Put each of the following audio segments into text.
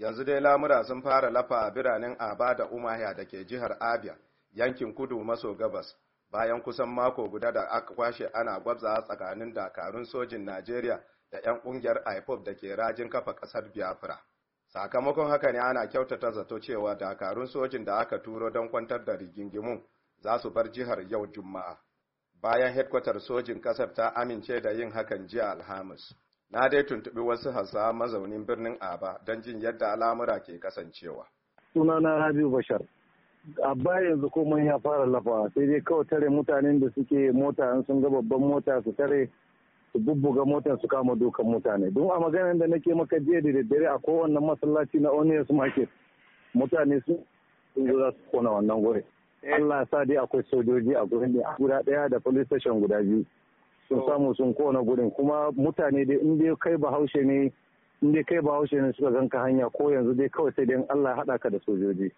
yanzu dai lamura sun fara lafa a biranen aba da umahya da ke jihar abia yankin kudu maso gabas bayan kusan mako guda da aka kwashe ana gwabza tsakanin dakarun sojin najeriya da 'yan kungiyar ipop da ke rajin kafa kasar biafra sakamakon haka ne ana kyautata zato cewa dakarun sojin da aka turo don kwantar da rigingimu za su bar jihar yau juma'a bayan hedkwatar sojin kasar ta amince da yin hakan jiya alhamis na dai tuntuɓi wasu hasa mazaunin birnin aba don jin yadda al'amura ke kasancewa sunana rabiu bashar abba yanzu komai ya fara lafa sai dai kawai tare mutanen da suke mota in sun ga babban mota su tare su bubbuga motar su kama dukan mutane don a maganar da nake maka jiya da daddare a kowane masallaci na onius market mutane sun za su kona wannan gure eh. Allah sa dai akwai sojoji a gurin ne guda ɗaya da police station guda biyu su samu sun kona gudun kuma mutane dai in dai kai bahaushe ne in dai kai bahaushe ne suka ganka hanya ko yanzu dai kawai sai dan Allah ya haɗa ka da sojoji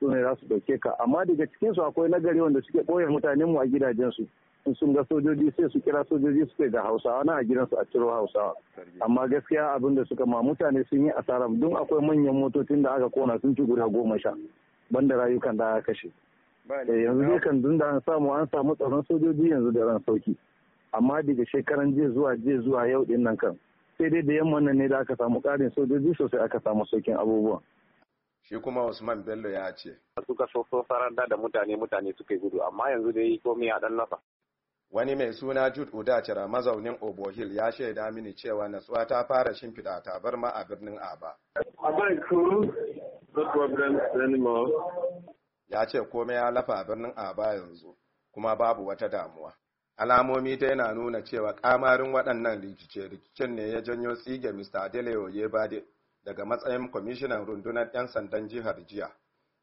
su ne za su dauke ka amma daga cikinsu akwai nagari wanda suke ɓoye mutanen mu a gidajensu in sun ga sojoji sai su kira sojoji suke ga hausawa na a gidansu a ciro hausawa amma gaskiya abin da suka ma mutane sun yi asara don akwai manyan motocin da aka kona sun ci guda goma sha banda rayukan da aka kashe eh, yanzu dai kan da an samu an samu tsaron sojoji yanzu da ran sauki amma daga shekaran jiya zuwa jiya zuwa yau din nan kan sai dai da yamma nan ne da aka samu karin sojoji sosai aka samu saukin abubuwan shi kuma Usman Bello ya ce. Suka so farar da mutane mutane suka gudu amma yanzu dai komai a dan lafa. Wani mai suna Jude Udachira mazaunin Obohil ya shaida mini cewa natsuwa ta fara shimfiɗa ma a birnin Aba. Ya ce komai ya lafa a birnin Aba yanzu kuma babu wata damuwa. alamomi ta yana nuna cewa kamarin waɗannan rikice-rikicen ne ya janyo tsige mr adeleyo yebade daga matsayin kwamishinan rundunar 'yan sandan jihar jiya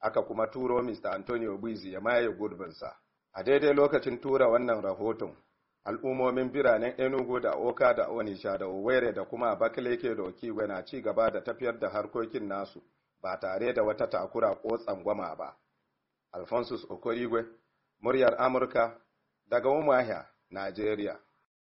aka kuma turo mr antonio buizi ya maye gurbinsa a daidai lokacin tura wannan rahoton al'ummomin biranen enugu da oka da onisha da owere da kuma bakile da okiwe na ci gaba da tafiyar da harkokin nasu ba tare da wata takura ko tsangwama ba alphonsus okorigwe muryar amurka daga umahia Nigeria